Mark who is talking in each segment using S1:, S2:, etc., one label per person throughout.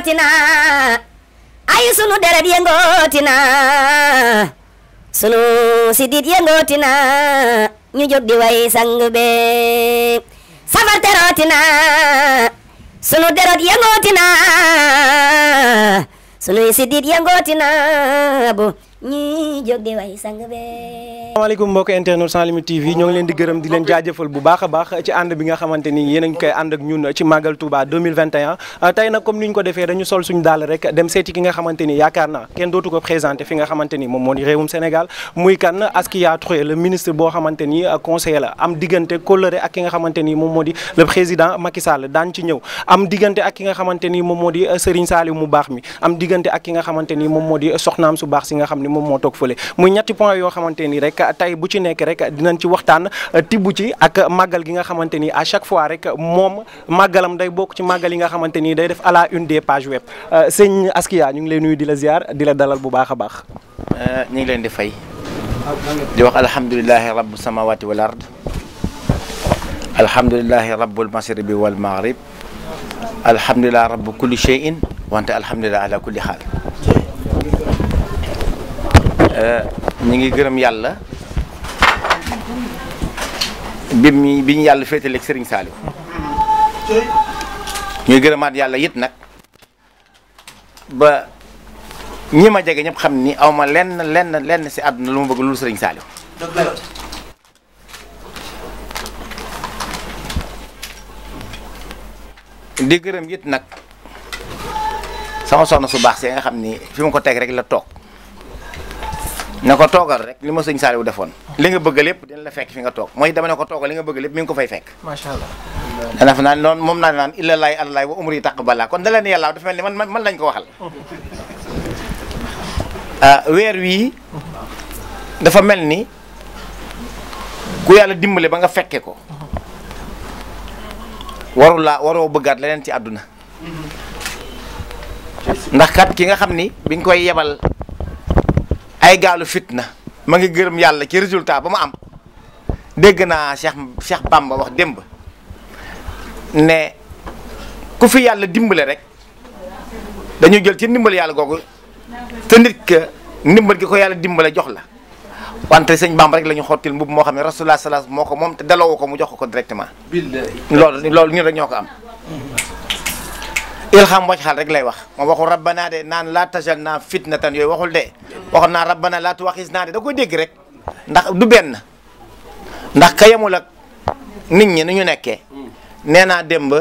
S1: yëngootina ay sunu deret yëngootina sunu sidit yëngootina ñu jóg di way sang be safar terootina sunu deret yëngootina sunuy sidit yëngootina bu ñi jóg di way sang mbokk internet sans TV ñoo ngi leen di gërëm di leen jaajëfal bu baax a baax ci ànd bi nga xamante ni yéen a ngi koy ànd ak ñun ci Magal Touba 2021. Ah, tey nag comme ni ñu ko defee dañu sol suñu daal rek dem seeti ki nga xamante ni yaakaar naa kenn dootu ko présenté fi nga xamante moom moo di réewum Sénégal muy kan Askia Touré le ministre boo xamante ni ah, conseiller la am diggante kóllëre ak ki nga xamante ni moom moo di le président Macky Sall daan ci ñëw ak ki nga xamante ni moom moo di ah, Serigne Saliou mu baax mi am diggante ak ki nga xamante ni moom moo di soxnaam baax si nga xam ni moom moo toog fële muy ñetti point yoo xamante ni rek tey bu ci nekk rek dinañ ci waxtaan tibb ci ak màggal gi nga xamante ni à chaque fois rek moom màggalam day bokk ci màggal yi nga xamante ni day def à la une des pages web euh, sëñ Askia ñu ngi lay nuyu di la ziar di dalal bu baax a baax. Euh, ñu ngi leen di fay. di wax alhamdulilahi rabbu samawati wal ard alhamdulilahi rabbul masribi wal maghrib alhamdulilah wante alhamdulilah ala kulli xaal Euh, ñu ngi gërëm yàlla bi mi bi ñu yàlla féetale ak Serigne Saliou ñu gërëmaat yàlla it nag ba ñi ma jege ñëpp xam ni awma ma lenn lenn lenn si àdduna lu ma bëgg lu Serigne Saliou di gërëm it nag sama soxna su baax si nga xam ni fi ma ko teg rek la toog. ne ko toogal rek li ma sëñ Saliou defoon li nga bëgg lépp dina la fekk fi nga toog mooy dama ne ko toogal li nga bëgg lépp mi ngi ko fay fekk dana fa naan noonu moom naa naan illa laay allaay wa umri taq balaa kon da leen yàllaaw dafa mel ni man ko waxal ah, weer wii dafa mel ni ku yàlla dimbale ba nga fekkee ko warula waroo bëggaat leneen ci àdduna mm-hmm. ndax kat ki nga xam ni bi nga koy yebal ay gaalu fitna ma ngi gërëm yàlla ci résultat ba mu am dégg naa Cheikh Cheikh Bamba wax démb ne ku fi yàlla dimbale rek dañuy jël ci ndimbal yàlla googu te nit ka ndimbal gi ko yàlla dimbale jox la wante sëñ Bamba rek la ñu xottil mbubb moo xam ne rasulullah salaas moo ko moom te daloo ko mu jox ko ko directement. loolu loolu ñu rek ñoo ko am. ilham wajxal rek lay wax moom waxul rabbana de naan laa tajal naa fitnatan yooyu waxul de waxul naa rabbana laa tuwaxis naa de da koy dégg rek ndax du benn ndax ka yemul ak nit ñi nu ñu nekkee nee naa démb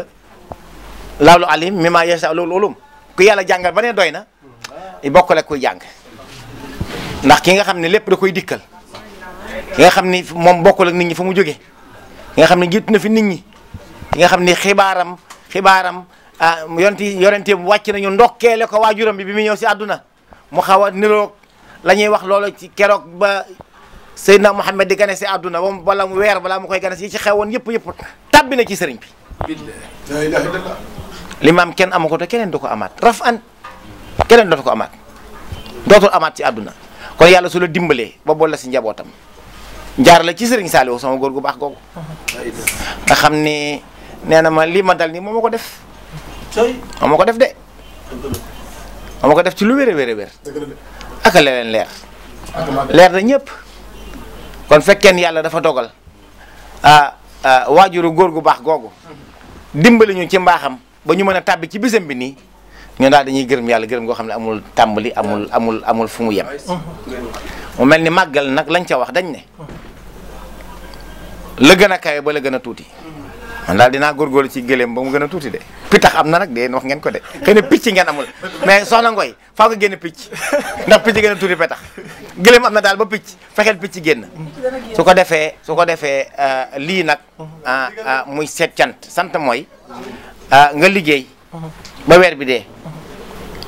S1: laalu alim mi maa yesa loolu ku yàlla jàngal ba ne doy na bokkul ak kuy jàng ndax ki nga xam ne lépp da koy dikkal ki nga xam ni moom bokkul ak nit ñi fu mu jóge ki nga xam ne jiitu na fi nit ñi ki nga xam ni xibaaram xibaaram ah yonti yonente bu wàcc nañu ndokkeele ko waajuram bi bi mu ñëw si àdduna mu xaw a niroog la ñuy wax loolu ci keroog ba Seydina Muhammad di gane si àdduna ba mu mu weer balaa mu koy gane si yi ci xewoon yëpp yëpp tàbbi na ci sëriñ bi. limaam kenn amu ko te keneen du ko amaat raf an keneen dootu ko amaat dootul amaat ci àdduna kon yàlla su la dimbalee ba si njabootam njaar la ci sëriñ Saliou sama gu baax googu. xam ni nee na ma lii ma moo ko def. moo ko def de. moo ko def ci lu wér a wér a leen leer. leer na ñëpp. kon fekkeen yàlla dafa dogal ah waajuru góor gu baax googu dimbali ñu ci mbaaxam ba ñu mën a tàbbi ci bisam bi nii ñun daal dañuy gërëm yàlla gërëm goo xam ne amul tàmbali amul amul amul fu mu yem. mu mel ni màggal nag lañ ca wax dañ ne. la gën a kawe ba la gën a tuuti. man daal dinaa góorgóorlu ci gëléem ba mu gën a tuuti de pitax am na nag de wax ngeen ko de xëy na picc ngeen amul mais soxna Ngoy faaw nga génn picc ndax picc gën a tuuti petax gëléem am na daal ba picc fexeel picc génn su ko defee su ko defee euh, lii nag euh, euh, muy seet cant sant mooy nga liggéey ba weer bi dee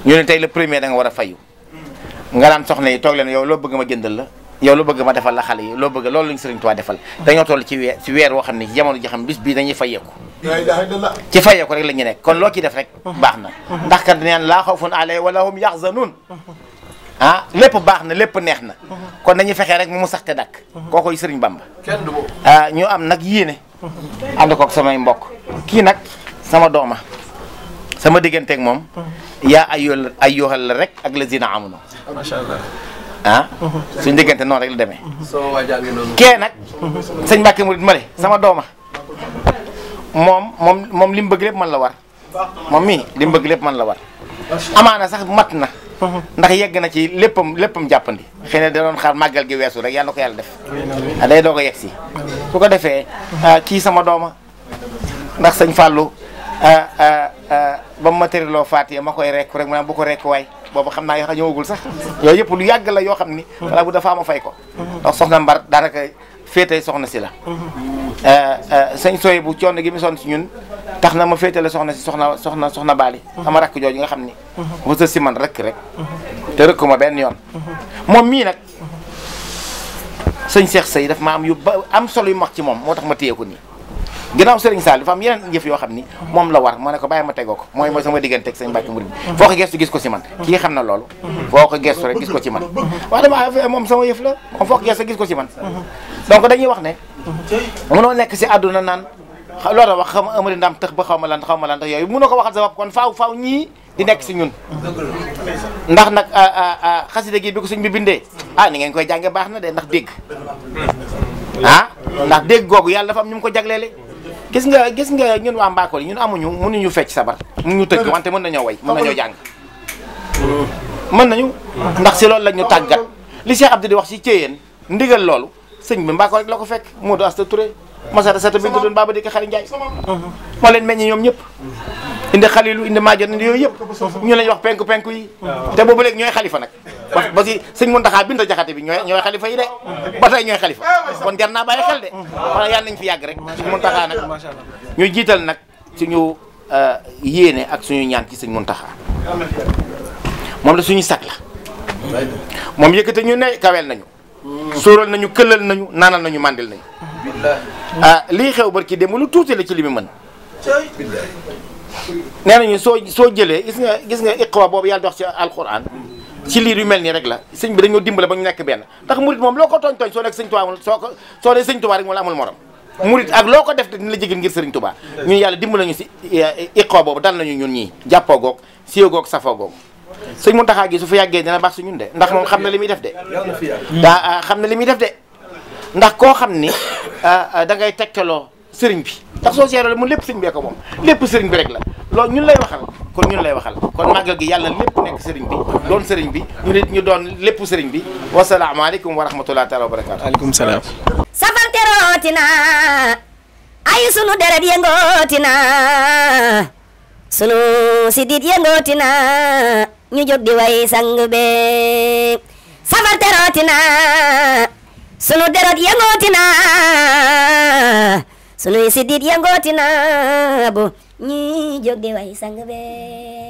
S1: ñu ne tey le premier da war a fayu nga naan soxna yi toog leen yow loo bëgg ma jëndal la yow lu bëgg ma defal la xale yi loo bëgg loolu lañu sëriñ Tuubaa defal dañoo toll ci weer ci weer woo xam ne ci jamono ji xam bis dañuy fayeeku ci fayeeku rek la ñu nekk kon loo ci def rek baax na ndax kat neen laa xawfun alayhim wa laa hum yaxzanuun ah lépp baax na lépp neex na kon nañu fexee rek mu sax te dakk kookoy sëriñ Bamba ah ñu am nag yéene ànd koog samay mbokk kii nag sama dooma sama digganteeg moom yaa ayyuhal la rek ak lazina amunu macha allah ah suñu diggante noonu rek la demee kee nag sëñ Mbàkke Murid ma sama dooma moom moom moom li mu bëgg lépp man la war moom mii li mu lépp man la war amaana sax mat na ndax yegg na ci léppam léppam jàppandi xëy na da doon xaar màggal gi weesu rek yàlla na ko yàlla def ah, day doo ko yegg si su ko defee ah, kii sama dooma ndax sañ Fallou ah, ba mu ma tëriloo Faatiya ma koy rekk rek mu naan bu ko rekk waay boobu xam naa yaxa ñëwagul sax yooyu yëpp lu yàgg la yoo xam ni wala bu dafa ma fay ko ndax soxna mbar daanaka féete soxna si la euh, euh, sëñ sooy bu coono gi mu sonn si ñun tax na ma féetale soxna si soxna soxna soxna baali sama rakk jooju nga xam ni ba sa si man rek te rëkku ma benn yoon moom mii nag sëñ Cheikh say daf ma am yu ba am solo yu mag ci moom moo tax ma téye ko nii ginnaaw Serigne Sall dafa am yeneen yëf yoo xam ni moom la war ma ne ko bàyyi ma tegoo ko mooy mooy sama diggante ak sëñ ko si man kii xam na loolu foo ko gestu si man mm-hmm. donc dañuy wax ne mënoo mm-hmm. ma amari ndam tëx ba xaw ma ma lan yooyu mënoo ko waxal sa bopp di nekk si ñun ndax nag ah, ah, ah, xasida gi bi ko suñ bi bindee ah ni ngeen koy jànge baax na de ndax dégg mm-hmm. ah ndax dégg googu yàlla dafa am ñu mu ko jagleele gis nga gis nga ñun waa Mbakol yi ñun amuñu mënuñu fecc sabar mënuñu tëgg wante mën nañoo way mën nañoo jàng mën ñu ndax si loolu lañ ñu tàggat li Cheikh Abdou di wax si Thiéyeen ndigal loolu sëñ bi Mbakol rek la ko fekk moo Modou Asta Touré Masara Sata bintu doon Baba Dikka Xari Njaay moo leen meññi ñoom ñëpp indi xalilu indi maajon indi yooyu yëpp ñu lañ wax penku penku yi te boobu léegi ñooy xalifa nag ba si sëñ Muntaxa Binta Jaxate bi ñooy ñooy xalifa yi de ba tey ñooy xalifa kon jar naa bàyyi xel de wala yàlla nañ fi yàgg rek sëñ Muntaxa nag ñu jiital nag suñu euh, yéene ak suñu ñaan ci sëñ Muntaxa moom la suñu sag la moom yëkkate ñu ne kaweel nañu sóoral nañu këlal nañu naanal nañu màndil nañu ah lii xew barki démb lu tuuti la ci li mu mën nee nañu soo soo jëlee gis nga gis nga boobu yàlla dox ci alquran ci liir yu mel nii rek la sëñ bi dañoo dimbale ba ñu nekk benn ndax murit moom loo ko tooñ tooñ soo nekk sëñ Tuubaa soo ko soo dee sëñ Tuubaa rek moom la ko def te dina la jigéen ngir sëriñ Tuubaa ñun yàlla dimbale ñu si eh, iqoo jàppoo goog siyoo goog safoo goog sëñ Muntaxaa gi su fa yàggee dina baax su ñun de ndax moom xam na li muy def de daa ah, xam na li muy def de ndax koo xam ni ah, ah, da ngay tegtaloo sëriñ bi ndax soo seeroo mun lépp sëriñ bee ko moom lépp sëriñ bi rek la loolu ñun lay waxal kon ñun lay waxal kon màggal gi yàlla lépp nekk sëriñ bi doon sëriñ bi ñu nit ñu doon lépp sëriñ bi wasalaamaaleykum wa rahmatulah taala wa barakaatu. waaleykum salaam. safar terooti na ay sunu deret yëngooti na sunu sidit yëngooti na ñu jóg di way sang be safar terooti sunu deret yëngooti na sunuy sidit yëngooti na bu. ñi jóg di way sang be